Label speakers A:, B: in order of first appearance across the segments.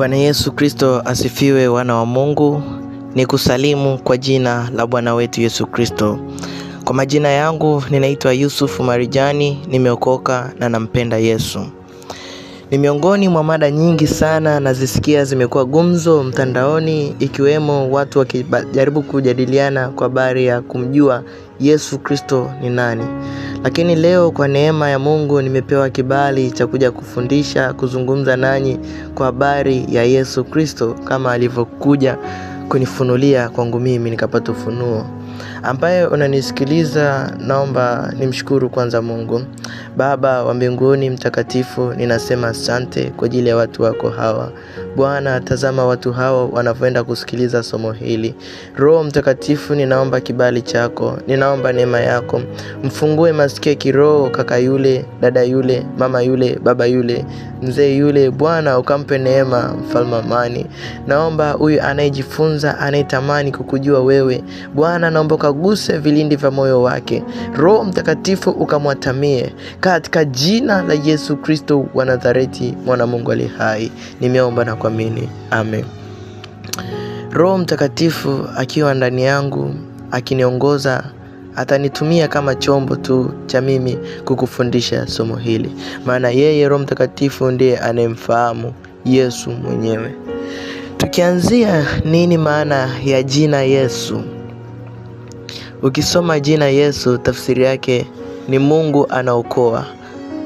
A: Bwana Yesu Kristo asifiwe, wana wa Mungu. Ni kusalimu kwa jina la Bwana wetu Yesu Kristo. Kwa majina yangu ninaitwa Yusufu Marijani, nimeokoka na nampenda Yesu. Ni miongoni mwa mada nyingi sana nazisikia zimekuwa gumzo mtandaoni, ikiwemo watu wakijaribu kujadiliana kwa habari ya kumjua Yesu Kristo ni nani. Lakini leo kwa neema ya Mungu nimepewa kibali cha kuja kufundisha, kuzungumza nanyi kwa habari ya Yesu Kristo kama alivyokuja kunifunulia kwangu mimi nikapata ufunuo ambaye unanisikiliza, naomba nimshukuru kwanza Mungu. Baba wa mbinguni mtakatifu, ninasema asante kwa ajili ya watu wako hawa. Bwana, tazama watu hawa wanavyoenda kusikiliza somo hili. Roho Mtakatifu, ninaomba kibali chako, ninaomba neema yako, mfungue masikio kiroho, kaka yule, dada yule, mama yule, baba yule, mzee yule, Bwana ukampe neema, mfalme amani. Naomba huyu anayejifunza, anayetamani kukujua wewe, Bwana naomba ukaguse vilindi vya moyo wake, Roho Mtakatifu ukamwatamie katika jina la Yesu Kristo wa Nazareti, mwanamungu ali hai. Nimeomba na kuamini, amen. Roho Mtakatifu akiwa ndani yangu akiniongoza atanitumia kama chombo tu cha mimi kukufundisha somo hili, maana yeye Roho Mtakatifu ndiye anayemfahamu Yesu mwenyewe. Tukianzia nini maana ya jina Yesu? Ukisoma jina Yesu tafsiri yake ni Mungu anaokoa.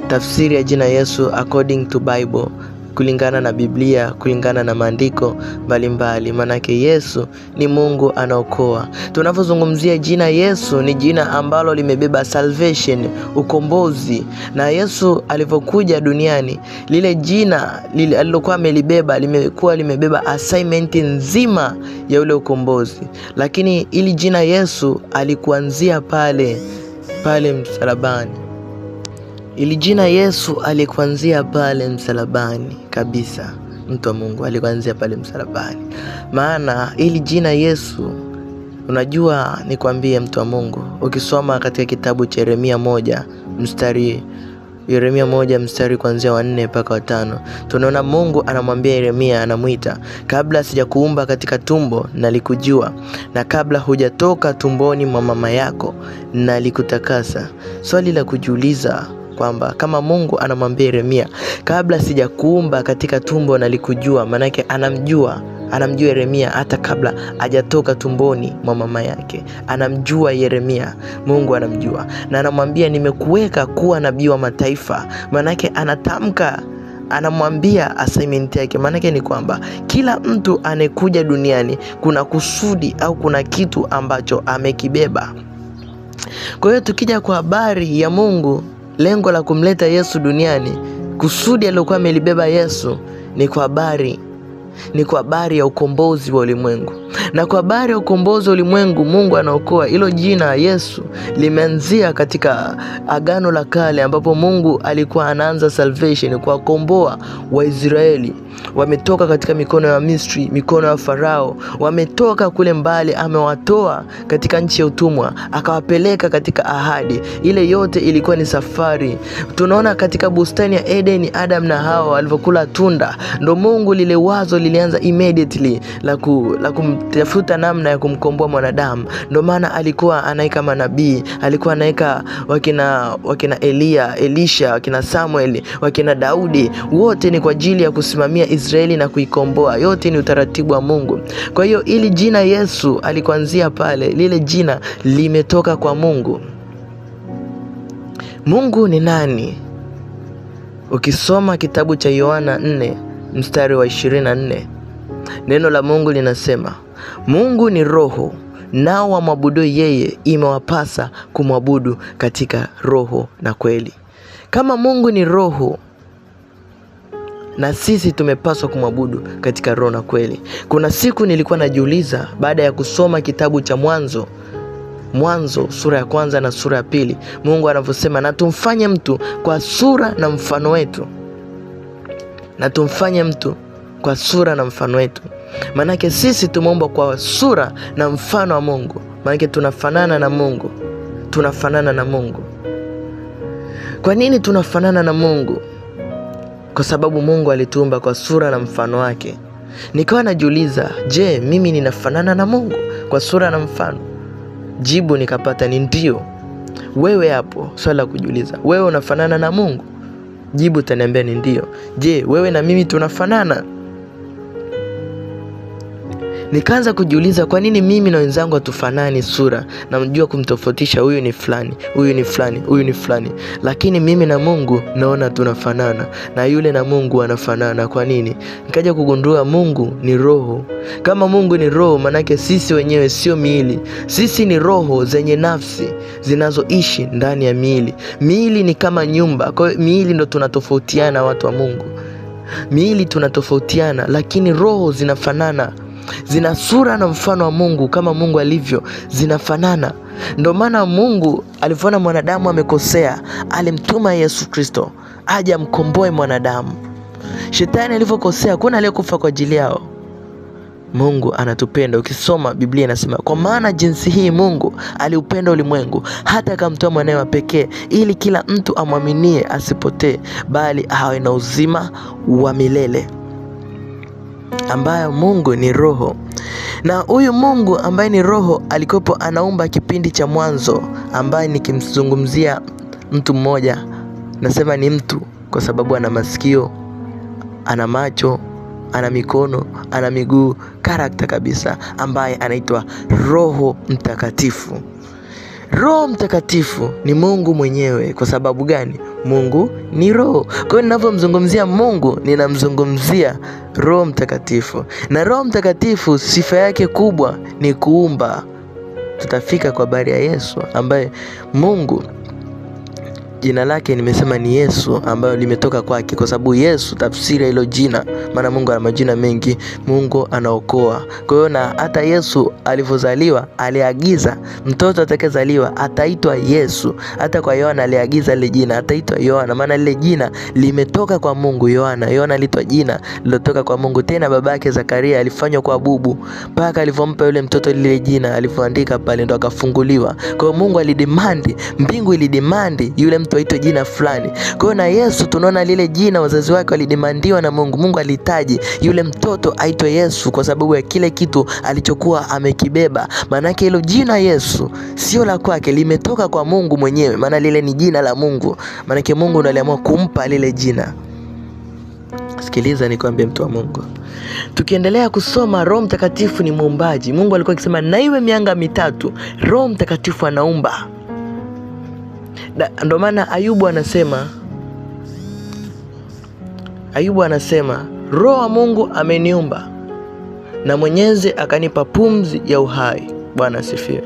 A: Tafsiri ya jina Yesu according to Bible kulingana na Biblia, kulingana na maandiko mbalimbali, maanake Yesu ni Mungu anaokoa. Tunapozungumzia jina Yesu, ni jina ambalo limebeba salvation, ukombozi, na Yesu alivyokuja duniani, lile jina alilokuwa amelibeba limekuwa limebeba assignment nzima ya ule ukombozi, lakini ili jina Yesu alikuanzia pale pale msalabani. Ili jina Yesu alikuanzia pale msalabani kabisa, mtu wa Mungu alikuanzia pale msalabani. Maana ili jina Yesu, unajua nikwambie, mtu wa Mungu, ukisoma katika kitabu cha Yeremia moja mstari Yeremia moja mstari kuanzia wa nne mpaka wa tano tunaona Mungu anamwambia Yeremia, anamwita kabla sijakuumba katika tumbo nalikujua, na kabla hujatoka tumboni mwa mama yako nalikutakasa. Swali la kujiuliza kwamba kama Mungu anamwambia Yeremia, kabla sijakuumba katika tumbo nalikujua, manake anamjua anamjua Yeremia hata kabla hajatoka tumboni mwa mama yake, anamjua Yeremia. Mungu anamjua na anamwambia nimekuweka kuwa nabii wa mataifa, manake anatamka anamwambia assignment yake, maanake ni kwamba kila mtu anayekuja duniani kuna kusudi au kuna kitu ambacho amekibeba. Kwa hiyo tukija kwa habari ya Mungu lengo la kumleta Yesu duniani, kusudi alilokuwa amelibeba Yesu ni kwa habari ni kwa habari ya ukombozi wa ulimwengu na kwa habari ya ukombozi ulimwengu Mungu anaokoa. Hilo jina Yesu limeanzia katika Agano la Kale, ambapo Mungu alikuwa anaanza salvation kwa kuwakomboa Waisraeli. Wametoka katika mikono ya Misri, mikono ya Farao, wametoka kule mbali, amewatoa katika nchi ya utumwa, akawapeleka katika ahadi. Ile yote ilikuwa ni safari. Tunaona katika bustani ya Edeni, Adam na Hawa walivyokula tunda, ndo Mungu lile wazo lilianza immediately la ku, la kum tafuta namna ya kumkomboa mwanadamu. Ndio maana alikuwa anaika manabii, alikuwa anaika wakina wakina Elia, Elisha, wakina Samuel, wakina Daudi, wote ni kwa ajili ya kusimamia Israeli na kuikomboa. Yote ni utaratibu wa Mungu. Kwa hiyo ili jina Yesu alikuanzia pale, lile jina limetoka kwa Mungu. Mungu ni nani? Ukisoma kitabu cha Yohana 4 mstari wa 24, neno la Mungu linasema Mungu ni roho nao wamwabudu yeye imewapasa kumwabudu katika roho na kweli. Kama Mungu ni roho na sisi tumepaswa kumwabudu katika roho na kweli. Kuna siku nilikuwa najiuliza baada ya kusoma kitabu cha Mwanzo, Mwanzo sura ya kwanza na sura ya pili, Mungu anavyosema na tumfanye mtu kwa sura na mfano wetu, na tumfanye mtu kwa sura na mfano wetu. Maanake sisi tumeumbwa kwa sura na mfano wa Mungu, maanake tunafanana na Mungu, tunafanana na Mungu. Kwa nini tunafanana na Mungu? Kwa sababu Mungu alituumba kwa sura na mfano wake. Nikawa najiuliza, je, mimi ninafanana na Mungu kwa sura na mfano? Jibu nikapata ni ndio. Wewe hapo swala la kujiuliza, wewe unafanana na Mungu? Jibu taniambia ni ndio. Je, wewe na mimi tunafanana? Nikaanza kujiuliza kwa nini mimi na wenzangu hatufanani sura, namjua kumtofautisha, huyu ni fulani, huyu ni fulani, huyu ni fulani, lakini mimi na Mungu naona tunafanana, na yule na Mungu anafanana. Kwa nini? Nikaja kugundua Mungu ni roho. Kama Mungu ni roho, manake sisi wenyewe sio miili, sisi ni roho zenye nafsi zinazoishi ndani ya miili. Miili ni kama nyumba, kwa hiyo miili ndo tunatofautiana, watu wa Mungu, miili tunatofautiana, lakini roho zinafanana zina sura na mfano wa Mungu kama Mungu alivyo, zinafanana. Ndio maana Mungu alivyoona mwanadamu amekosea, alimtuma Yesu Kristo aje amkomboe mwanadamu. Shetani alivyokosea, hakuna aliyekufa kwa ajili yao. Mungu anatupenda. Ukisoma Biblia inasema kwa maana jinsi hii Mungu aliupenda ulimwengu hata akamtoa mwanawe wa pekee, ili kila mtu amwaminie asipotee, bali awe na uzima wa milele ambayo Mungu ni roho na huyu Mungu ambaye ni roho alikopo anaumba kipindi cha mwanzo, ambaye nikimzungumzia mtu mmoja, nasema ni mtu kwa sababu ana masikio, ana macho, ana mikono, ana miguu, karakta kabisa, ambaye anaitwa Roho Mtakatifu. Roho Mtakatifu ni Mungu mwenyewe. Kwa sababu gani? Mungu ni roho. Kwa hiyo ninavyomzungumzia Mungu, ninamzungumzia Roho Mtakatifu, na Roho Mtakatifu sifa yake kubwa ni kuumba. Tutafika kwa habari ya Yesu ambaye Mungu jina lake nimesema ni Yesu ambayo limetoka kwake, kwa sababu Yesu tafsiri ya hilo jina, maana Mungu ana majina mengi, Mungu anaokoa. Kwa hiyo na hata Yesu alivyozaliwa aliagiza mtoto atakayezaliwa ataitwa Yesu. Hata kwa Yohana aliagiza lile jina ataitwa Yohana, maana lile jina limetoka kwa Mungu. Yohana, Yohana alitwa jina lilotoka kwa Mungu. Tena babake Zakaria alifanywa kwa bubu mpaka alivyompa yule mtoto lile jina alivyoandika pale, ndo akafunguliwa. Kwa hiyo Mungu alidimandi, mbingu ilidimandi yule mtu watu waitwe jina fulani. Kwa hiyo na Yesu tunaona lile jina wazazi wake walidemandiwa na Mungu. Mungu alitaji yule mtoto aitwe Yesu kwa sababu ya kile kitu alichokuwa amekibeba. Maanake hilo jina Yesu sio la kwake, limetoka kwa Mungu mwenyewe, maana lile ni jina la Mungu. Maanake Mungu ndiye aliamua kumpa lile jina. Sikiliza nikwambie, mtu wa Mungu, tukiendelea kusoma, Roho Mtakatifu ni muumbaji. Mungu alikuwa akisema na iwe mianga mitatu, Roho Mtakatifu anaumba ndo maana Ayubu anasema Ayubu anasema Roho wa Mungu ameniumba na Mwenyezi akanipa pumzi ya uhai. Bwana asifiwe.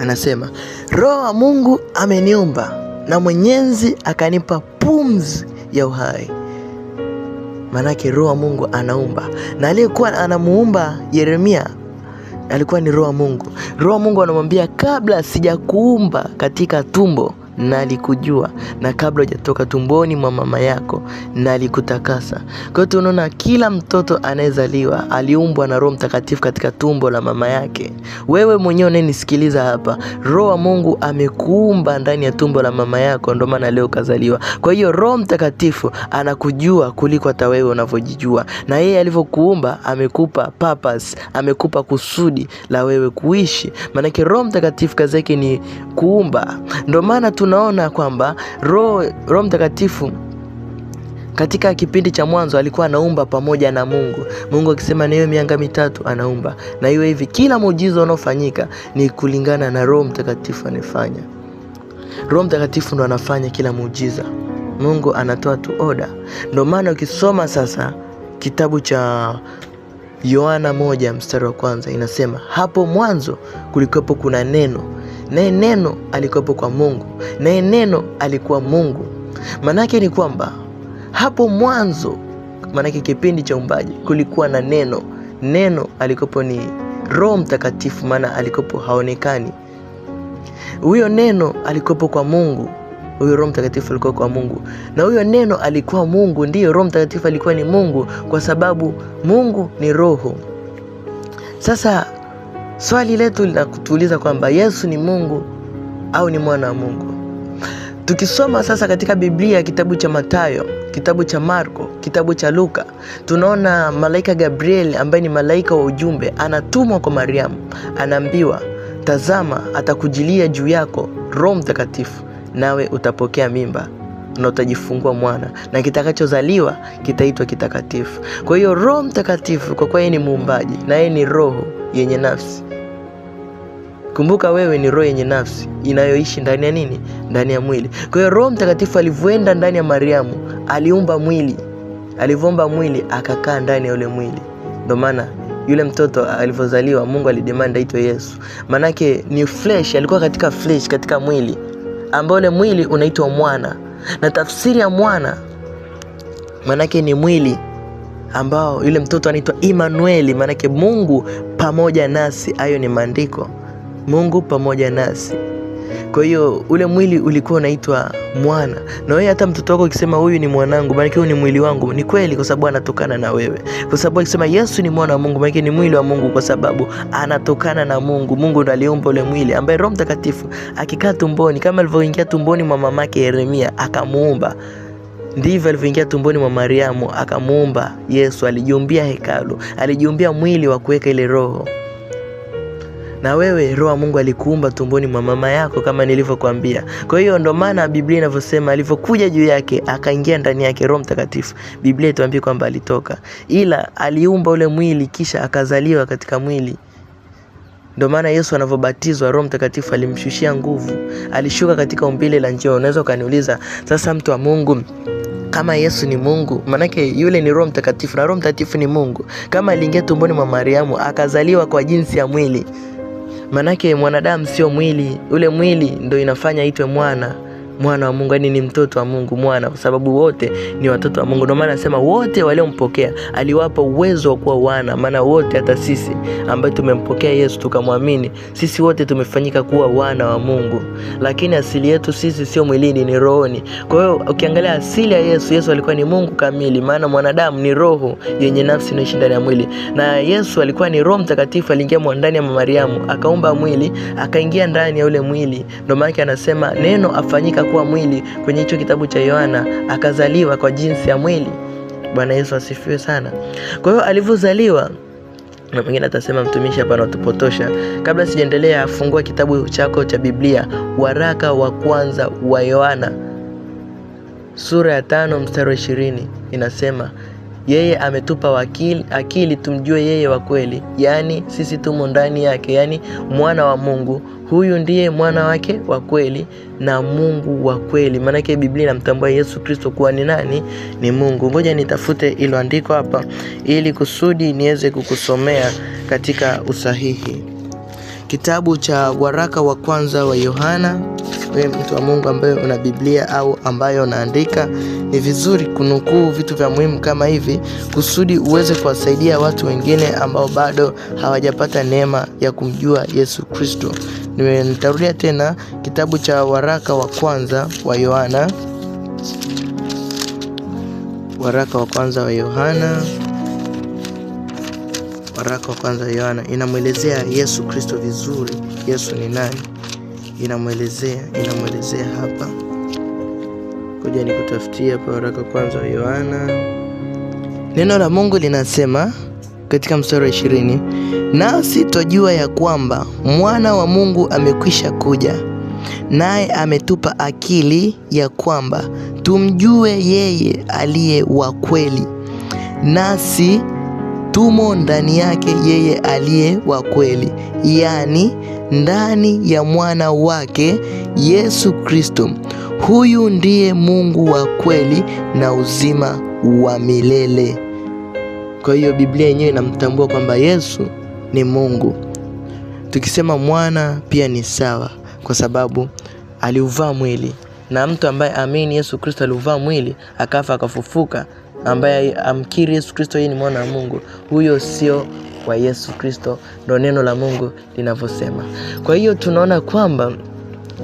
A: Anasema Roho wa Mungu ameniumba na Mwenyezi akanipa pumzi ya uhai. Maanake Roho wa Mungu anaumba, na aliyekuwa anamuumba Yeremia alikuwa ni Roho wa Mungu. Roho wa Mungu anamwambia kabla sijakuumba katika tumbo na alikujua na kabla hujatoka tumboni mwa mama yako na alikutakasa. Kwa hiyo tunaona kila mtoto anayezaliwa aliumbwa na Roho Mtakatifu katika tumbo la mama yake. Wewe mwenyewe unayenisikiliza hapa, Roho wa Mungu amekuumba ndani ya tumbo la mama yako, ndio maana leo kazaliwa. Kwa hiyo Roho Mtakatifu anakujua kuliko hata wewe unavyojijua, na yeye alivyokuumba amekupa purpose, amekupa kusudi la wewe kuishi. Maanake Roho Mtakatifu kazi yake ni kuumba, ndio maana tu tunaona kwamba Roho Roho Mtakatifu katika kipindi cha mwanzo alikuwa anaumba pamoja na Mungu. Mungu akisema niwe mianga mitatu anaumba. Na iwe hivi kila muujiza unaofanyika ni kulingana na Roho Mtakatifu anafanya. Roho Mtakatifu ndo anafanya kila muujiza. Mungu anatoa tu oda. Ndio maana ukisoma sasa kitabu cha Yohana moja mstari wa kwanza inasema hapo mwanzo kulikuwepo kuna neno naye neno alikuwepo kwa Mungu, naye neno alikuwa Mungu. Manake ni kwamba hapo mwanzo, maanake kipindi cha umbaji kulikuwa na neno. Neno alikuwepo ni Roho Mtakatifu, maana alikuwepo haonekani. Huyo neno alikuwepo kwa Mungu, huyo Roho Mtakatifu alikuwa kwa Mungu, na huyo neno alikuwa Mungu. Ndiyo, Roho Mtakatifu alikuwa ni Mungu, kwa sababu Mungu ni Roho. Sasa Swali letu la kutuuliza kwamba Yesu ni Mungu au ni mwana wa Mungu. Tukisoma sasa katika Biblia kitabu cha matayo kitabu cha Marko, kitabu cha Luka, tunaona malaika Gabriel ambaye ni malaika wa ujumbe anatumwa kwa Mariamu, anaambiwa, tazama atakujilia juu yako Roho Mtakatifu, nawe utapokea mimba na utajifungua mwana na kitakachozaliwa kitaitwa kitakatifu. Kwa hiyo Roho Mtakatifu, kwa kuwa yeye ni muumbaji na yeye ni roho yenye nafsi. Kumbuka wewe ni roho yenye nafsi inayoishi ndani ya nini? Ndani ya mwili. Kwa hiyo Roho Mtakatifu alivyoenda ndani ya Mariamu, aliumba mwili, alivyoumba mwili akakaa ndani ya ule mwili. Ndio maana yule mtoto alivyozaliwa, Mungu alidemand aitwe Yesu, manake ni flesh, alikuwa katika flesh, katika mwili ambao ule mwili unaitwa mwana, na tafsiri ya mwana manake ni mwili ambao yule mtoto anaitwa Immanueli, maanake Mungu pamoja nasi. Hayo ni maandiko, Mungu pamoja nasi. Kwa hiyo ule mwili ulikuwa unaitwa mwana, na wewe hata mtoto wako ukisema huyu ni mwanangu, maana huyu ni mwili wangu, ni kweli, kwa sababu anatokana na wewe. Kwa sababu akisema Yesu ni mwana wa Mungu, maana ni mwili wa Mungu, kwa sababu anatokana na Mungu. Mungu ndiye aliumba ule mwili, ambaye Roho Mtakatifu akikaa tumboni, kama alivyoingia tumboni mwa mamake Yeremia akamuumba. Ndivyo alivyoingia tumboni mwa Mariamu akamuumba Yesu, alijiumbia hekalu, alijiumbia mwili wa kuweka ile roho. Na wewe roho ya Mungu alikuumba tumboni mwa mama yako kama nilivyokuambia. Kwa hiyo ndo maana Biblia inavyosema alivyokuja juu yake akaingia ndani yake Roho Mtakatifu. Biblia itwambia kwamba alitoka. Ila aliumba ule mwili kisha akazaliwa katika mwili. Ndio maana Yesu anavyobatizwa Roho Mtakatifu alimshushia nguvu. Alishuka katika umbile la njia. Unaweza ukaniuliza, sasa mtu wa Mungu kama Yesu ni Mungu, manake yule ni Roho Mtakatifu na Roho Mtakatifu ni Mungu. Kama aliingia tumboni mwa Mariamu akazaliwa kwa jinsi ya mwili, manake mwanadamu sio mwili, ule mwili ndo inafanya itwe mwana mwana wa Mungu, yani ni mtoto wa Mungu mwana, kwa sababu wote ni watoto wa Mungu. Ndio maana anasema wote waliompokea aliwapa uwezo wa kuwa wana, maana wote, hata sisi ambaye tumempokea Yesu tukamwamini, sisi wote tumefanyika kuwa wana wa Mungu, lakini asili yetu sisi sio mwilini, ni rohoni. Kwa hiyo ukiangalia asili ya Yesu, Yesu alikuwa ni Mungu kamili, maana mwanadamu ni roho yenye nafsi inaishi ndani ya mwili, na Yesu alikuwa ni Roho Mtakatifu, aliingia ndani ya Mariamu akaumba mwili, akaingia ndani ya ule mwili. Ndio maana anasema neno afanyika kuwa mwili kwenye hicho kitabu cha Yohana, akazaliwa kwa jinsi ya mwili. Bwana Yesu asifiwe sana. Kwa hiyo alivyozaliwa na mwingine atasema mtumishi hapa anatupotosha. Kabla sijaendelea, fungua kitabu chako cha Biblia, waraka wa kwanza wa Yohana sura ya tano mstari wa ishirini inasema yeye ametupa wakili, akili tumjue yeye wa kweli, yaani sisi tumo ndani yake, yaani mwana wa Mungu. Huyu ndiye mwana wake wa kweli na Mungu wa kweli. Maanake Biblia inamtambua Yesu Kristo kuwa ni nani? Ni Mungu. Ngoja nitafute iloandikwa hapa ili kusudi niweze kukusomea katika usahihi kitabu cha waraka wa kwanza wa Yohana, wewe mtu wa Mungu ambaye una Biblia au ambayo unaandika, ni vizuri kunukuu vitu vya muhimu kama hivi kusudi uweze kuwasaidia watu wengine ambao bado hawajapata neema ya kumjua Yesu Kristo. Nitarudia tena kitabu cha waraka wa kwanza wa Yohana, waraka wa kwanza wa Yohana waraka wa kwanza Yohana inamwelezea Yesu Kristo vizuri. Yesu ni nani? Inamwelezea, inamwelezea hapa. ni kutafutia hapa, waraka wa kwanza wa Yohana. Neno la Mungu linasema katika mstari wa ishirini, nasi twajua ya kwamba mwana wa Mungu amekwisha kuja, naye ametupa akili ya kwamba tumjue yeye aliye wa kweli, nasi tumo ndani yake yeye aliye wa kweli, yaani ndani ya mwana wake Yesu Kristo. Huyu ndiye Mungu wa kweli na uzima wa milele. Kwa hiyo Biblia yenyewe inamtambua kwamba Yesu ni Mungu. Tukisema mwana pia ni sawa, kwa sababu aliuvaa mwili, na mtu ambaye amini Yesu Kristo aliuvaa mwili, akafa akafufuka ambaye amkiri Yesu Kristo yeye ni mwana wa Mungu, huyo sio wa Yesu Kristo, ndo neno la Mungu linavyosema. Kwa hiyo tunaona kwamba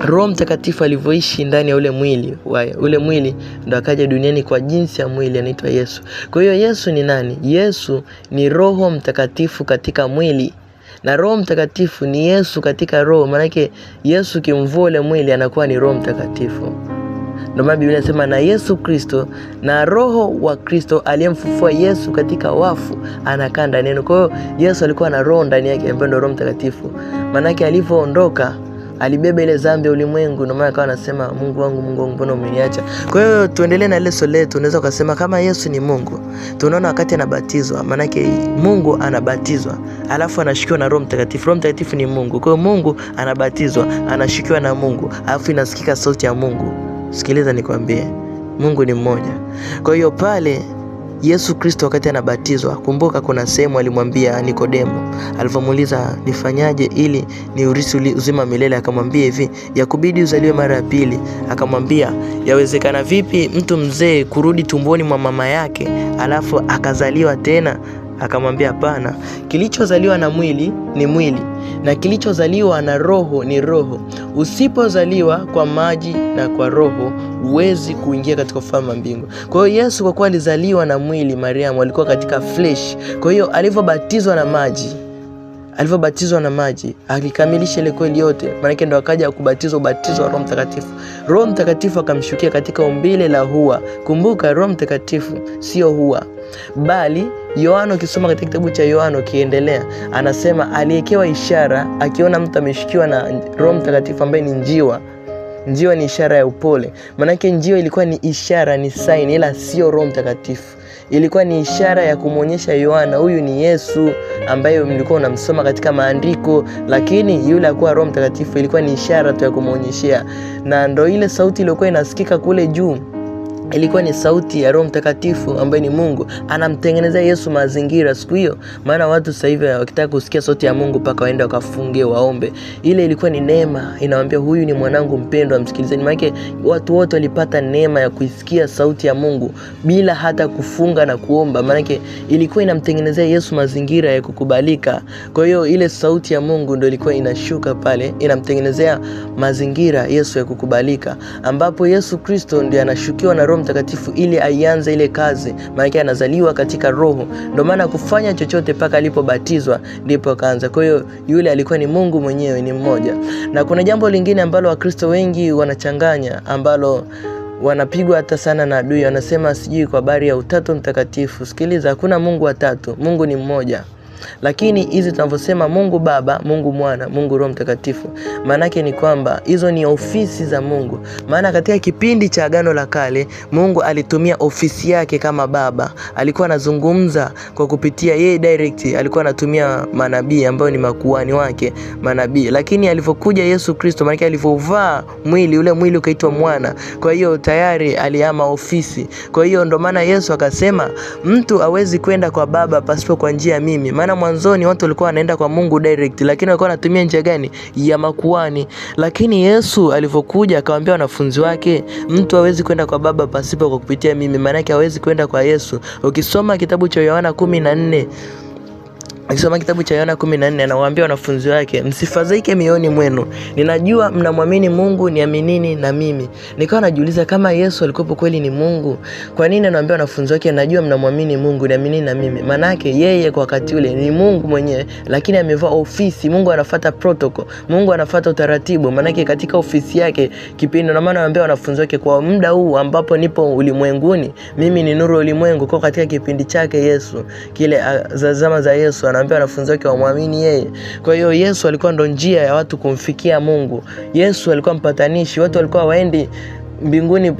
A: Roho Mtakatifu alivyoishi ndani ya ule mwili wa ule mwili ndo akaja duniani kwa jinsi ya mwili, anaitwa Yesu. Kwa hiyo Yesu ni nani? Yesu ni Roho Mtakatifu katika mwili na Roho Mtakatifu ni Yesu katika roho, maanake Yesu kimvua ule mwili anakuwa ni Roho Mtakatifu. Ndio maana Biblia inasema na Yesu Kristo na roho wa Kristo aliyemfufua Yesu katika wafu anakaa ndani yenu. Kwa hiyo Yesu alikuwa na roho ndani yake ambayo ndio Roho Mtakatifu. Maanake alivyoondoka alibeba ile zambi ya ulimwengu, ndio maana akawa anasema Mungu wangu, Mungu wangu, mbona umeniacha? Kwa hiyo tuendelee na leso letu. Unaweza ukasema kama Yesu ni Mungu, tunaona wakati anabatizwa, maanake Mungu anabatizwa alafu anashikiwa na Roho Mtakatifu. Roho Mtakatifu ni Mungu, kwa hiyo Mungu anabatizwa, anashikiwa na Mungu alafu inasikika sauti ya Mungu. Sikiliza nikwambie, Mungu ni mmoja. Kwa hiyo pale Yesu Kristo wakati anabatizwa, kumbuka kuna sehemu alimwambia Nikodemo, alivomuuliza nifanyaje ili ni urisi uzima milele, akamwambia hivi, yakubidi uzaliwe mara ya pili. Akamwambia, yawezekana vipi mtu mzee kurudi tumboni mwa mama yake alafu akazaliwa tena? Akamwambia, hapana, kilichozaliwa na mwili ni mwili na kilichozaliwa na roho ni roho. Usipozaliwa kwa maji na kwa roho huwezi kuingia katika ufalme wa mbingu. Kwa hiyo Yesu kwa kuwa alizaliwa na mwili, Mariamu alikuwa katika flesh. Kwa hiyo alivyobatizwa na maji alivyobatizwa na maji akikamilisha ile kweli yote, maanake ndo akaja kubatizwa ubatizo wa Roho Mtakatifu. Roho Mtakatifu akamshukia katika umbile la hua. Kumbuka, Roho Mtakatifu sio hua, bali Yohana, ukisoma katika kitabu cha Yohana ukiendelea, anasema aliyekewa ishara, akiona mtu ameshikiwa na Roho Mtakatifu ambaye ni njiwa Njiwa ni ishara ya upole, manake njiwa ilikuwa ni ishara, ni sign, ila sio Roho Mtakatifu. Ilikuwa ni ishara ya kumwonyesha Yohana huyu ni Yesu ambaye mlikuwa unamsoma katika Maandiko, lakini yule akuwa Roho Mtakatifu ilikuwa ni ishara tu ya kumwonyeshea, na ndo ile sauti iliyokuwa inasikika kule juu ilikuwa ni sauti ya Roho Mtakatifu ambaye ni Mungu anamtengenezea Yesu mazingira siku hiyo. Maana watu sasa hivi wakitaka kusikia sauti ya Mungu mpaka waende wakafunge waombe. Ile ilikuwa ni neema, inawaambia huyu ni mwanangu mpendwa, msikilizeni. Maana watu wote walipata neema ya kuisikia sauti ya Mungu bila hata kufunga na kuomba. Maana ilikuwa inamtengenezea Yesu mazingira ya kukubalika. Kwa hiyo ile sauti ya Mungu ndio ilikuwa inashuka pale, inamtengenezea mazingira Yesu ya kukubalika, ambapo Yesu Kristo ndiye anashukiwa na Roho Mtakatifu ili aianze ile kazi, maana anazaliwa katika Roho. Ndio maana kufanya chochote mpaka alipobatizwa ndipo akaanza. Kwa hiyo yule alikuwa ni Mungu mwenyewe, ni mmoja. Na kuna jambo lingine ambalo Wakristo wengi wanachanganya ambalo wanapigwa hata sana na adui, wanasema sijui kwa habari ya utatu mtakatifu. Sikiliza, hakuna Mungu watatu, Mungu ni mmoja. Lakini hizi tunavyosema Mungu Baba, Mungu Mwana, Mungu Roho Mtakatifu, maanake ni kwamba hizo ni ofisi za Mungu. Maana katika kipindi cha Agano la Kale, Mungu alitumia ofisi yake kama Baba, alikuwa anazungumza kwa kupitia yeye direct, alikuwa anatumia manabii ambao ni makuhani wake, manabii. Lakini alivyokuja Yesu Kristo, maanake alivyovaa mwili, ule mwili ukaitwa mwana, kwa hiyo tayari alihama ofisi. Kwa hiyo ndo maana Yesu akasema mtu awezi kwenda kwa Baba pasipo kwa njia mimi, maana maana mwanzoni watu walikuwa wanaenda kwa Mungu direct, lakini walikuwa wanatumia njia gani? Ya makuani. Lakini Yesu alivyokuja akawaambia wanafunzi wake, mtu hawezi kwenda kwa Baba pasipo kwa kupitia mimi, maana yake hawezi kwenda kwa Yesu. Ukisoma kitabu cha Yohana kumi na nne akisoma kitabu cha Yohana 14 anawaambia wanafunzi wake, msifadhaike mioni mwenu, ninajua mnamwamini Mungu, niaminini na mimi. Nikawa najiuliza kama Yesu alikuwepo kweli ni Mungu, kwa nini anawaambia wanafunzi wake, najua mnamwamini Mungu, niaminini na mimi? Maana yake yeye kwa wakati ule ni Mungu mwenyewe, lakini amevaa ofisi. Mungu anafuata protocol, Mungu anafuata utaratibu, maana yake katika ofisi yake kipindi. Na maana anawaambia wanafunzi wake, kwa muda huu ambapo nipo ulimwenguni, mimi ni nuru ulimwengu. Kwa katika kipindi chake Yesu, kile zama za Yesu ana anawaambia wanafunzi wake wamwamini yeye. Kwa hiyo Yesu alikuwa ndo njia ya watu kumfikia Mungu. Yesu alikuwa mpatanishi, watu walikuwa waendi mbinguni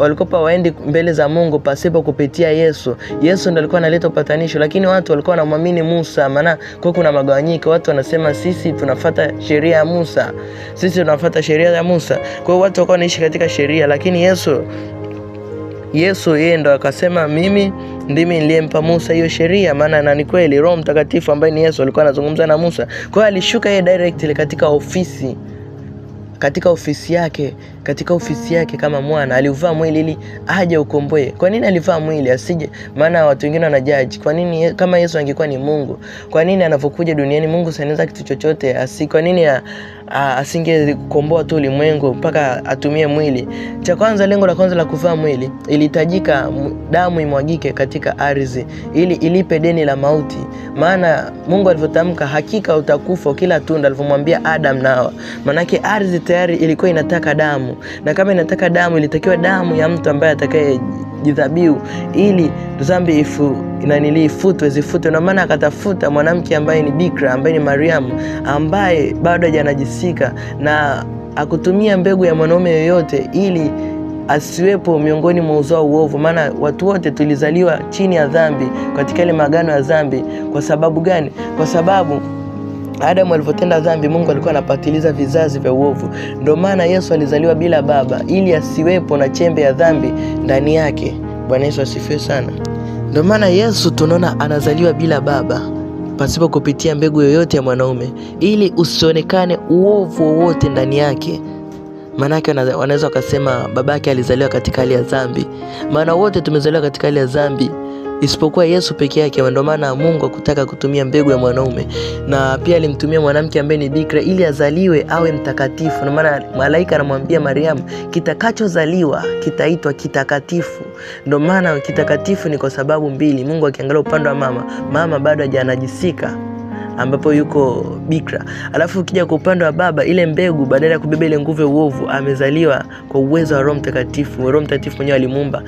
A: walikuwa pa waendi mbele za Mungu pasipo kupitia Yesu. Yesu ndiye alikuwa analeta upatanisho, lakini watu walikuwa wanamwamini Musa, maana kwa kuna magawanyiko. Watu wanasema sisi tunafata sheria ya Musa, sisi tunafata sheria ya Musa. Kwa hiyo watu walikuwa wanaishi katika sheria, lakini Yesu Yesu yeye ndo akasema mimi ndimi niliyempa Musa hiyo sheria, maana na ni kweli Roho Mtakatifu ambaye ni Yesu alikuwa anazungumza na Musa. Kwa hiyo alishuka yeye directly katika ofisi katika ofisi yake katika ofisi yake kama mwana alivaa mwili ili aje ukomboe. Kwa nini alivaa mwili asije? Maana watu wengine wanajaji. Kwa nini kama Yesu angekuwa ni Mungu, kwa nini anapokuja duniani Mungu sanaweza kitu chochote asi? Kwa nini ya, asingekomboa tu ulimwengu mpaka atumie mwili. Cha kwanza, lengo la kwanza la kuvaa mwili, ilihitajika damu imwagike katika ardhi ili ilipe deni la mauti, maana Mungu alivyotamka hakika utakufa kila tunda, alivyomwambia Adam na Hawa. Maanake ardhi tayari ilikuwa inataka damu, na kama inataka damu, ilitakiwa damu ya mtu ambaye atakaye jidhabiu ili dhambi ifu inanili ifutwe zifutwe. Na maana akatafuta mwanamke ambaye ni bikra ambaye ni Mariamu ambaye bado hajanajisika na akutumia mbegu ya mwanaume yoyote ili asiwepo miongoni mwa uzao uovu. Maana watu wote tulizaliwa chini ya dhambi, katika ile magano ya dhambi. Kwa sababu gani? Kwa sababu Adamu alivyotenda dhambi, Mungu alikuwa anapatiliza vizazi vya uovu. Ndio maana Yesu alizaliwa bila baba, ili asiwepo na chembe ya dhambi ndani yake. Bwana Yesu asifiwe sana. Ndio maana Yesu tunaona anazaliwa bila baba pasipo kupitia mbegu yoyote ya mwanaume, ili usionekane uovu wowote ndani yake. Maanake wanaweza wakasema babake alizaliwa katika hali ya dhambi, maana wote tumezaliwa katika hali ya dhambi isipokuwa Yesu peke yake. Ndio maana Mungu akutaka kutumia mbegu ya mwanaume, na pia alimtumia mwanamke ambaye ni bikira ili azaliwe awe mtakatifu. Ndio maana malaika anamwambia Mariamu, kitakachozaliwa kitaitwa kitakatifu. Ndio maana kitakatifu ni kwa sababu mbili, Mungu akiangalia upande wa mama, mama bado hajanajisika ambapo yuko bikra. Alafu ukija kwa upande wa baba, ile mbegu badala ya kubeba ile nguvu ya uovu amezaliwa kwa uwezo wa Roho Mtakatifu. Roho Mtakatifu mwenyewe alimuumba,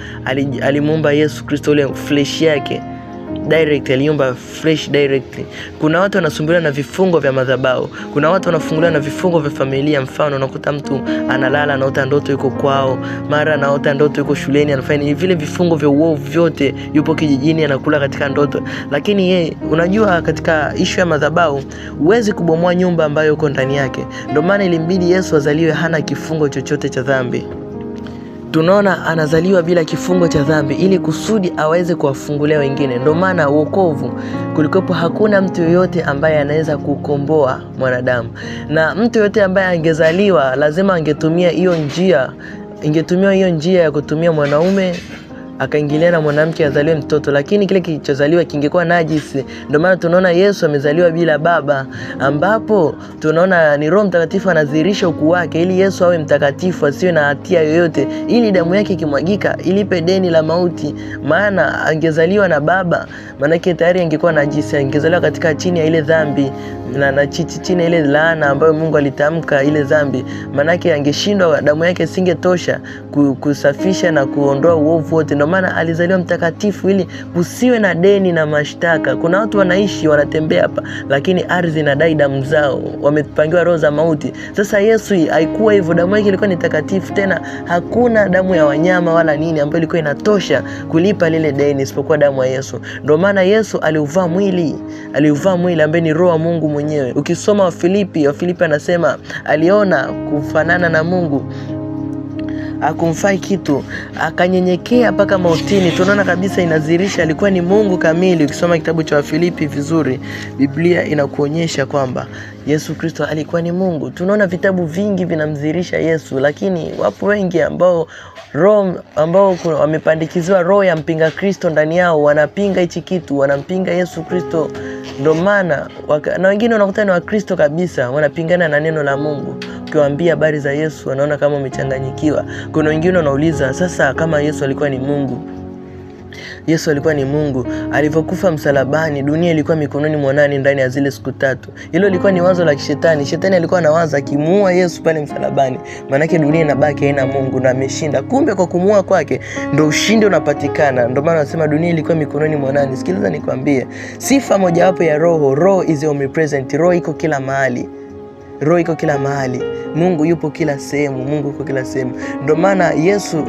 A: alimuumba Yesu Kristo, ile flesh yake direct aliumba fresh direct. Kuna watu wanasumbuliwa na vifungo vya madhabahu, kuna watu wanafunguliwa na vifungo vya familia. Mfano, unakuta mtu analala anaota ndoto yuko kwao, mara anaota ndoto yuko shuleni, anafanya vile vifungo vya uovu vyote, yupo kijijini anakula katika ndoto. Lakini ye, unajua katika ishu ya madhabahu huwezi kubomoa nyumba ambayo uko ndani yake. Ndio maana ilimbidi Yesu azaliwe hana kifungo chochote cha dhambi tunaona anazaliwa bila kifungo cha dhambi ili kusudi aweze kuwafungulia wengine. Ndio maana uokovu kulikwepo hakuna mtu yoyote ambaye anaweza kukomboa mwanadamu, na mtu yoyote ambaye angezaliwa lazima angetumia hiyo njia, ingetumia hiyo njia ya kutumia mwanaume akaingilia na mwanamke azaliwe mtoto, lakini kile kilichozaliwa kingekuwa najisi. Ndio maana tunaona Yesu amezaliwa bila baba, ambapo tunaona ni Roho Mtakatifu anazirisha ukuu wake, ili Yesu awe mtakatifu, asiwe na hatia yoyote, ili damu yake ikimwagika ilipe deni la mauti. Maana angezaliwa na baba, maanake tayari angekuwa najisi, angezaliwa katika chini ya ile dhambi na, na chichi chini ya ile laana ambayo Mungu alitamka ile dhambi, maanake angeshindwa, damu yake singetosha kusafisha na kuondoa uovu wote. Ndio maana alizaliwa mtakatifu ili kusiwe na deni na mashtaka. Kuna watu wanaishi wanatembea hapa, lakini ardhi inadai damu zao, wamepangiwa roho za mauti. Sasa Yesu haikuwa hivyo, damu yake ilikuwa ni takatifu, tena hakuna damu ya wanyama wala nini ambayo ilikuwa inatosha kulipa lile deni isipokuwa damu ya Yesu. Ndio maana Yesu aliuvaa mwili, aliuvaa mwili ambaye ni roho wa Mungu mwenyewe. Ukisoma Wafilipi, Wafilipi anasema aliona kufanana na Mungu akumfai kitu, akanyenyekea mpaka mautini. Tunaona kabisa inazirisha alikuwa ni Mungu kamili. Ukisoma kitabu cha Wafilipi vizuri, Biblia inakuonyesha kwamba Yesu Kristo alikuwa ni Mungu. Tunaona vitabu vingi vinamdhirisha Yesu, lakini wapo wengi ambao roho ambao wamepandikiziwa roho ya mpinga Kristo ndani yao, wanapinga hichi kitu, wanampinga Yesu Kristo. Ndio maana na wengine wanakuta ni Wakristo kabisa, wanapingana na neno la Mungu. Ukiwaambia habari za Yesu, wanaona kama umechanganyikiwa. Kuna wengine wanauliza sasa, kama Yesu alikuwa ni Mungu Yesu alikuwa ni Mungu. Alivyokufa msalabani, dunia ilikuwa mikononi mwa nani ndani ya zile siku tatu? Hilo lilikuwa ni wazo la kishetani. Shetani alikuwa anawaza akimuua Yesu pale msalabani, maanake dunia inabaki haina Mungu na ameshinda. Kumbe kwa kumuua kwake ndo ushindi unapatikana. Ndio maana anasema dunia ilikuwa mikononi mwa nani? Sikiliza nikwambie, sifa mojawapo ya Roho, Roho is omnipresent. Roho iko kila mahali. Roho iko kila mahali. Mungu yupo kila sehemu. Mungu yuko kila sehemu. Ndio maana Yesu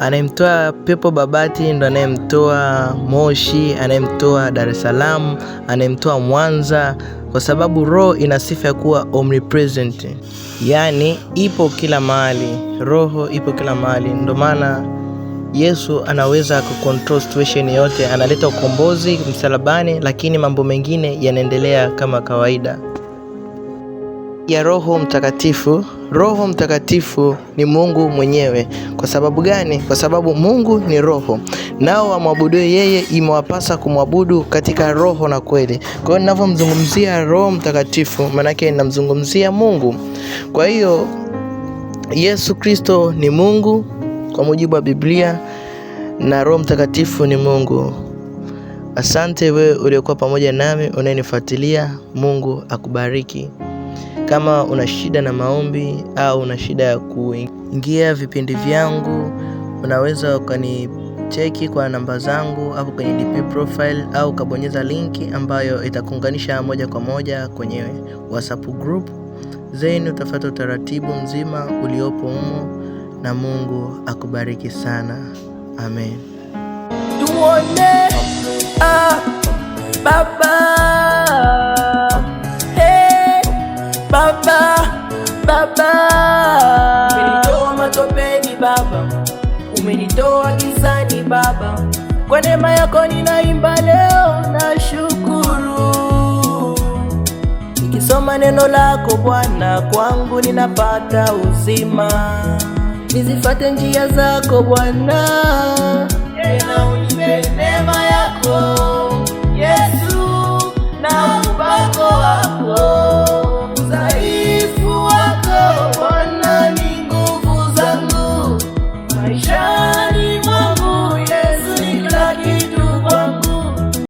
A: Anayemtoa pepo Babati ndo anayemtoa Moshi, anayemtoa Dar es Salaam, anayemtoa Mwanza, kwa sababu roho ina sifa ya kuwa omnipresent, yaani ipo kila mahali. Roho ipo kila mahali, ndo maana Yesu anaweza akakontrol situation yote, analeta ukombozi msalabani, lakini mambo mengine yanaendelea kama kawaida ya Roho Mtakatifu. Roho Mtakatifu ni Mungu mwenyewe. Kwa sababu gani? Kwa sababu Mungu ni roho, nao wamwabudue yeye imewapasa kumwabudu katika roho na kweli. Kwa hiyo ninavyomzungumzia Roho Mtakatifu, maanake ninamzungumzia Mungu. Kwa hiyo Yesu Kristo ni Mungu kwa mujibu wa Biblia na Roho Mtakatifu ni Mungu. Asante wewe uliokuwa pamoja nami unayenifuatilia. Mungu akubariki. Kama una shida na maombi au una shida ya kuingia vipindi vyangu, unaweza ukanicheki kwa namba zangu hapo kwenye DP profile au ukabonyeza linki ambayo itakuunganisha moja kwa moja kwenye WhatsApp group zeni. utafata utaratibu mzima uliopo humo, na Mungu akubariki sana. Amen. Tuone, ah, Baba Baba, umenitoa matopeni Baba, umenitoa gizani Baba, kwa neema yako ninaimba leo, shukuru, Nikisoma neno lako Bwana, kwangu ninapata uzima. Nizifate njia zako Bwana, unipe neema yako